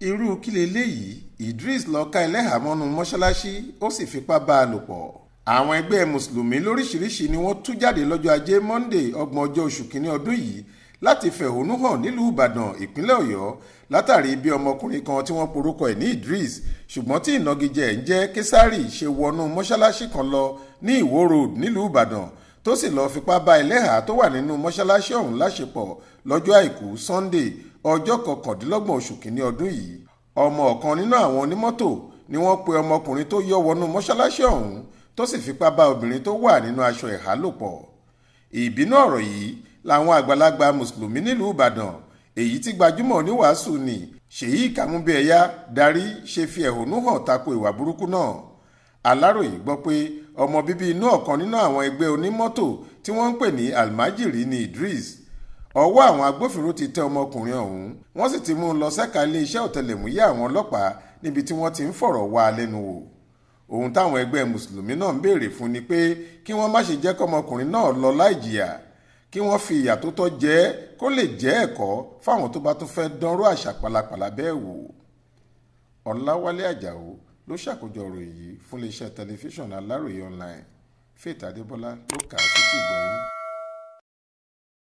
irú kí leléyìí Idris lọ ká ẹlẹ́hàá mọ́nú mọ́ṣáláṣí ó sì fipá bá a lò pọ̀ àwọn ẹgbẹ́ mùsùlùmí lóríṣìíríṣìí ni wọ́n tú jáde lọ́jọ́ ajé Monday ọgbọ̀n ọjọ́ oṣù kínní ọdún yìí láti fẹ̀hónú hàn nílùú Ìbàdàn ìpínlẹ̀ Ọ̀yọ́ látàrí bí ọmọkùnrin kan tí wọ́n porúkọ ẹ̀ ní Idris ṣùgbọ́n tí ìnagijẹ ń jẹ́ Késárì ṣe wọnú mọ́ṣáláṣí kan lọ ní Ìwó Road nílùú Ìbàdàn tó sì lọ́ọ́ fipá bá ẹlẹ́hà tó wà nínú mọ́ṣáláṣí ọ̀hún láṣepọ̀ lọ́jọ́ àìkú Sunday ọjọ́ kọkàndínlọ́gbọ̀n oṣù kìíní ọdún yìí ọmọ ọ̀kan nínú àwọn onímọ́tò ni wọ́n pe ọmọkùnrin tó yọ wọnú mọ́ṣáláṣí ọ̀hún tó sì fipá bá obìnrin tó wà nínú aṣọ ẹ̀há lò pọ̀ ìbínú ọ̀rọ̀ yìí làwọn àgbàlagbà mùsùlùmí nílùú Ìbàdàn èyí tí gbajúmọ̀ oníwàásù ni Ṣèyí Kàmúbíẹ̀yà darí ṣe fi ẹ̀hónú hàn tako ìwà burúkú náà aláròye gbọ́ pé ọmọ bíbí inú ọ̀kan nínú àwọn ẹgbẹ́ onímọ́tò tí wọ́n ń pè ní almajiri ní Idris ọwọ́ àwọn agbófinró ti tẹ ọmọkùnrin ọ̀hún wọ́n sì ti mú un lọ ṣẹ́ka iléeṣẹ́ ọ̀tẹlẹ̀múyẹ́ àwọn ọlọ́pàá níbi tí wọ́n ti ń fọ̀rọ̀ wá a lẹ́nu wò ohun táwọn ẹgbẹ́ mùsùlùmí náà ń béèrè fún ni pé kí wọ́n má ṣe jẹ́ kọ́mọkùnrin náà lọ láì jìyà kí wọ́n fi ìyà tó tọ́ jẹ ẹ́ kó lè jẹ́ ẹ̀kọ́ fáwọn tó bá tún fẹ́ dánrú àṣà pàlàpàlà bẹ́ẹ̀ wò ọ̀làwálé àjàó ló ṣàkójọ ìròyìn yìí fún iléeṣẹ́ tẹlifíṣàn aláròye online faith adébọlá ló kà á sí tìgbọ̀nyìn.